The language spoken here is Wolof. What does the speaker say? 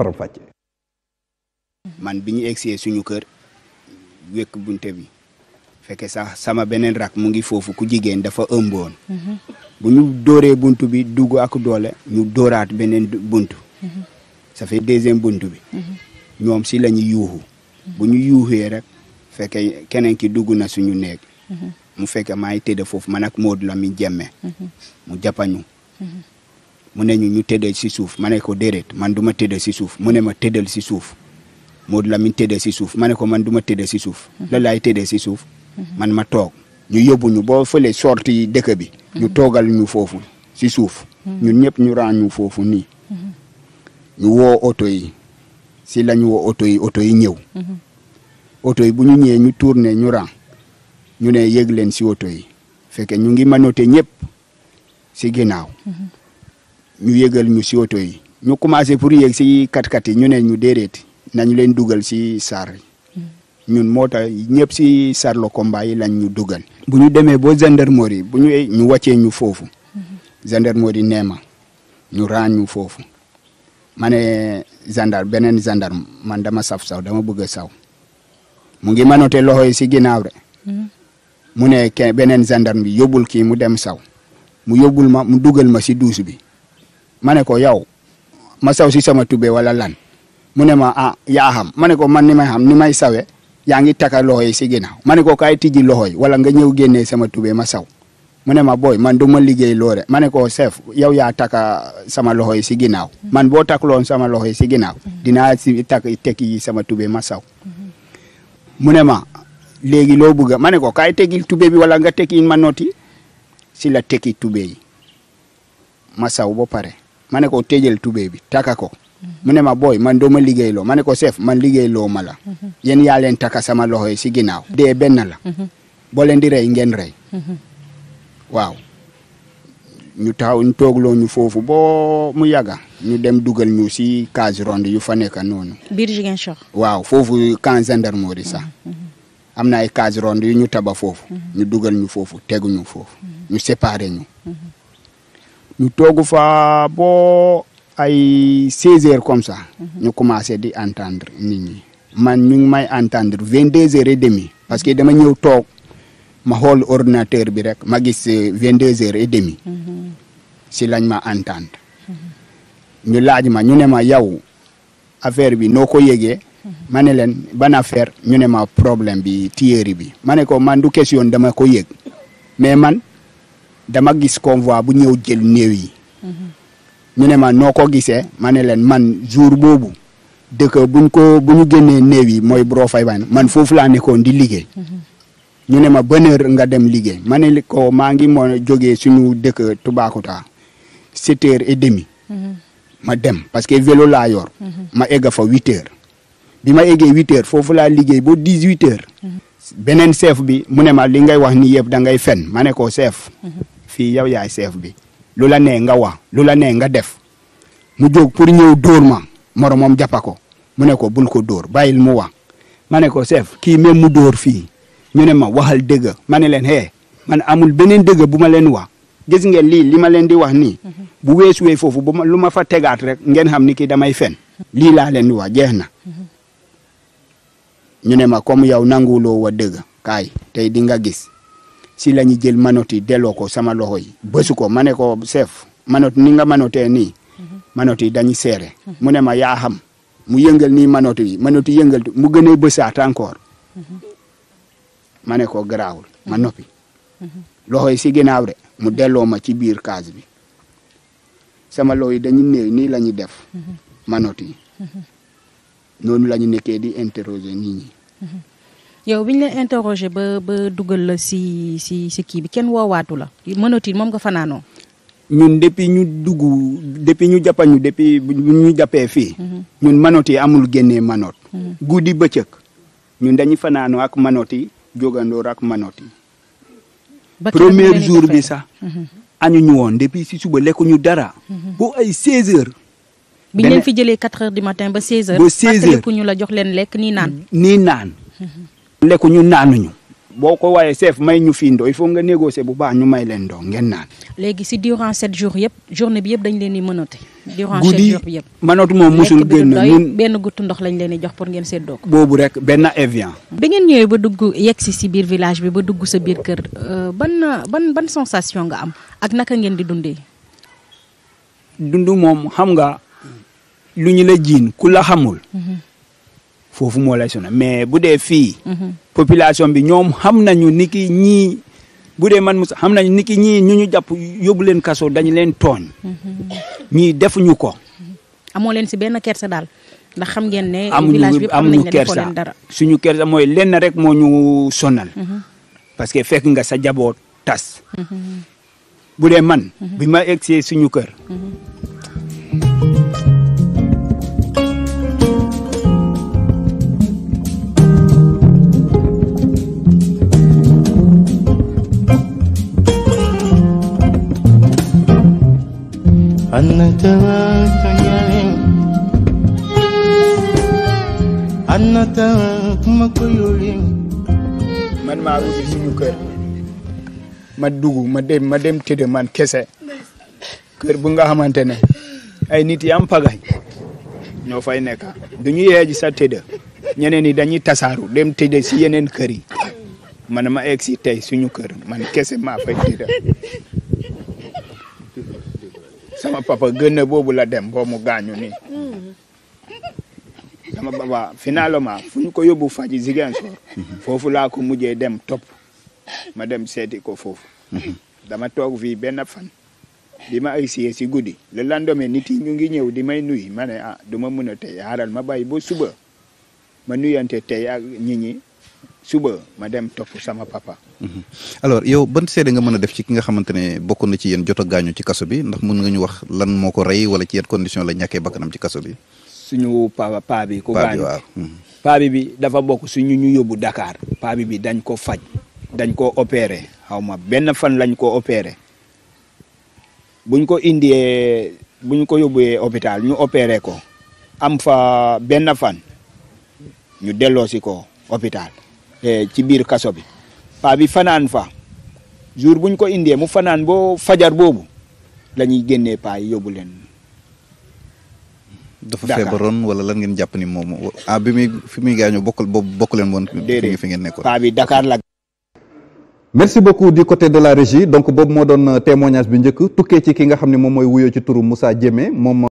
faram fàcce man bi ñu egsee suñu kër wékk bunte bi fekke sax sama beneen rak mu ngi foofu ku jigéen dafa ëmboon mhm. bu ñu dóoree bunt bi dugg ak doole ñu dóoraat beneen bunt mhm. ça fait deuxième bunt bi mhm. ñoom si la ñu yuuxu bu ñu yuuxee rek fekke keneen ki dugg na suñu néeg mu fekke maa ngi tëdd foofu man ak Modou la mi mu jàppañu mu ne ñu ñu tëddal si suuf ma ne ko déedéet man du ma tëddal si suuf mu ne ma tëddal si suuf Modou Lamine tëddal si suuf ma ne ko man du ma si suuf mhm. la laay tëddal si suuf mhm. man ma toog ñu yóbbu ñu boo fële sorti dëkk bi ñu mhm. toogal ñu foofu si suuf ñu ñëpp ñu raan ñu foofu nii ñu woo oto yi si la ñu woo oto yi oto yi ñëw yi bu ñu ñëwee ñu tourné ñu raan ñu ne yëg leen si oto yi fekke ñu ngi manote ñëpp si ginnaaw ñu yëgal ñu sioto yi ñu commencé pour yéeg si kat-kat yi ñu ne ñu déedéet nañu leen dugal si sar mm. ñun moo tax ñëpp si sar la combat yi lañ ñu dugal. bu ñu demee ba gendarmerie bu ñu ñu wàccee ñu foofu mm-hmm. gendarmerie nee ñu raañ ñu foofu ma ne gendarme beneen gendarme man dama saf saw dama bëgg saw mu ngi manote loxo yi si ginnaaw mm-hmm. mu ne beneen gendarme bi yóbbul kii mu dem saw mu yóbbul ma mu dugal ma si douce bi. ma ne ko yow ma saw si sama tube wala lan mu ne ma ah yaa xam ma ne ko man ni ma xam ni may sawe yaa ngi takka loxo si ginnaaw ma ne ko kaay tijji loxo yi wala nga ñëw génnee sama tube ma saw mu ne ma booy man du ma liggéey loore ma ne ko chef yow yaa takka sama loxo si ginnaaw man boo takkaloon sama loxo yi si ginnaaw dinaa si takk tekki sama tube ma saw mu ne ma léegi loo bëgg ma ne ko kaay teggil tube bi wala nga tekki ma noti si la tekki tube yi ma saw ba pare ma ne ko tëjal tubéy bi taka ko mu ne ma booy man doo ma liggéey loo ma ne ko chef man liggéey loo ma la yéen yaa leen taka sama loxo yi si ginnaaw dee benn la boo leen di rey ngeen rey waaw ñu toog ñu ñu foofu bo mu yàgga ñu dem dugal ñu si case ronde yu fa nekk noonu biir Ziguinchor waaw foofu camp gendarmerie sax am na ay case ronde yu ñu taba foofu ñu dugal ñu foofu tegu ñu foofu ñu séparé ñu ñu toogu fa boo ay 16 heures comme ça. Mhm. ñu commencé di entendre nit ñi. man ñu may entendre vingt deux heures et demi parce que dama ñëw toog ma xool ordinateur bi rek ma gis euh, vingt deux heures et demi. Mhm. si lañ ma entendre. Mhm. ñu laaj ma ñu ne ma yow affaire bi noo ko yëgee. ma ne leen ban affaire ñu ne ma problème bi tiyeeri bi. ma ne ko man du question dama ko yëg mais man. dama gis convoi bu ñëw jël néew yi. ñu ne ma noo ko gisee ma ne leen man jour boobu dëkk buñ ko bu ñu génnee néew yi mooy Bro Fayban man foofu laa nekkoon di liggéey. ñu ne ma bonne nga dem liggéey mane ne ko maa ngi moo jógee suñu dëkk Toubacouta sept heures et demi. ma dem parce que vélo laa yor. ma egg fa huit bi ma eggee huit heures foofu laa liggéey ba dix huit heures. beneen chef bi mu ne ma li ngay wax ni yëpp da ngay fen ma ko chef. fii yaw yaay chef bi lu la nee nga wax lu la nee nga def mu jóg pour ñëw dóor ma moromam jàppa ko mu ne ko bul ko dóor bàyyil mu wax ma ne ko seef kii même mu dóor fii ñu ne ma waxal dëgg ma ne leen hee man amul beneen dëgg bu ma leen wax gis ngeen lii li ma leen di wax nii mhm. bu weesuwee foofu bu ma lu ma fa tegaat rek ngeen xam ni ki damay fen lii laa leen di wax jeex na mhm. ñu ne ma comme yow nanguwuloo wa dëgg kaay tey di gis si la ñu jël manotte yi delloo ko sama loxo yi bësu ko ma ne ko chef manotte ni nga manottee nii mhm. manotte yi dañu seere mu ne ma yaa xam mu yëngal nii manotte yi manotte yëngal mu gën a bësaat mhm. ma ne ko garaawul ma mhm. noppi loxo yi si ginnaaw de mu delloo ma ci biir kaas bi sama loxo yi dañu néew nii la ñu def manotte yi noonu la di interroger ñi yow bi ñu la interrogé ba ba dugal la si si si kii bi kenn woowaatu la mënatu moom nga fanaanoo ñun depuis ñu dugg depuis ñu jàppa ñu depuis ñu jàppee fii mhm. ñun manot yi amul génne manot mhm. guddi bëccëg ñun dañuy fanaanoo ak manot yi jógandoor ak manot yi premier jour bi sax mhm. añu ñu woon depuis si suba lekku ñu dara bo ay seize heures bi ñu jëlee quatre heures du ba seize heures ba seize la jox leen lekk nii naan nii naan lekku ñu naanuñu boo ko waaye chef may ñu fii ndoo il faut nga négocier bu baax ñu may leen doo ngeen naan. léegi si durant sept jours yëpp journée bi yëpp dañ leen di mënoote. durant sept jours yëpp guddi mënootu moom mosul génn ñun benn guttu ndox lañ leen di jox pour ngeen séddoo ko. boobu rek benn Evian. bi ngeen ñëwee ba dugg yegg si si biir village bi ba dugg sa biir kër euh, ban ban ban sensation nga am ak naka ngeen di dundee. dund moom xam nga lu ñu la jiin ku la xamul. Mhm. foofu moo lay sonal mais bu dee fii. population bi ñoom xam nañu ni ki ñii bu dee man Moussa xam nañu ni ki ñii ñu ñu jàpp yóbbu leen kaso dañu leen tooñ. ñii defuñu ko. amoo leen si benn kersa daal ndax xam ngeen ne. village bi am nañ leen dara suñu kersa mooy lenn rek moo ñu sonal. Mhm. parce que fekk nga sa jaboot tas. Mhm. bu dee man. Mhm. bi ma egg see suñu kër. أنا تواكيالي أنا تواك مكيولي من معروف سنو كير ma dugg ma dem ma dem tëdd man kese kër bu nga xamante ne ay nit yam pagañ ñoo fay nekk duñu yeeji ya sa tëdd ñeneen yi dañuy tasaaru dem tëdd si yeneen kër yi man ma egg si tey suñu kër man kese maa fay tëdd sama papa gën boobu la dem boo mu gaañu nii mm-hmm. sama finalement fu ñu ko yóbbu faji Ziguinchor mm-hmm. foofu laa ko mujjee dem top ma dem seeti ko foofu mm-hmm. dama toog fii benn fan bi ma agsiyee si guddi le lendemain nit yi ñu ngi ñëw di may nuyu ma ah, du ma mën a tey xaaral ma bay ba suba ma nuyante tey ak nit suba ma dem topp sama papa. Mhm. alors yow ban seede nga mën a def ci ki nga xamante ne bokk na ci yéen joto a ci kaso bi ndax mën nga ñu wax lan moo ko rey wala ci yan condition la ñàkkee bakkanam ci kaso bi. suñu paa paa bi ku gaañu mhm. paa bi dafa bokk suñu ñu yóbbu dakaar paa bi bi dañ ko faj. dañ ko opeere xawma benn fan lañ ko opéré buñ ko indee buñ ko yóbbuwee hôpital ñu opéré ko am fa benn fan ñu delloosi ko hôpital. Eh, ci biir kaso bi paa bi fanaan fa jour buñ ko indee mu fanaan boo fajar boobu lañuy génne génnee yobu yi yóbbu leen. dafa feebaroon wala lan ngeen jàpp ni moom ah bi muy fi muy gaañoo bokkul bokk leen woon. déedéet fi ngeen nekkoon paa bi Dakar la. merci beaucoup du côté de la régie donc boobu moo doon témoignage bi njëkk tukkee ci ki nga xam ne moom mooy wuyoo ci turu Moussa Diémé moom.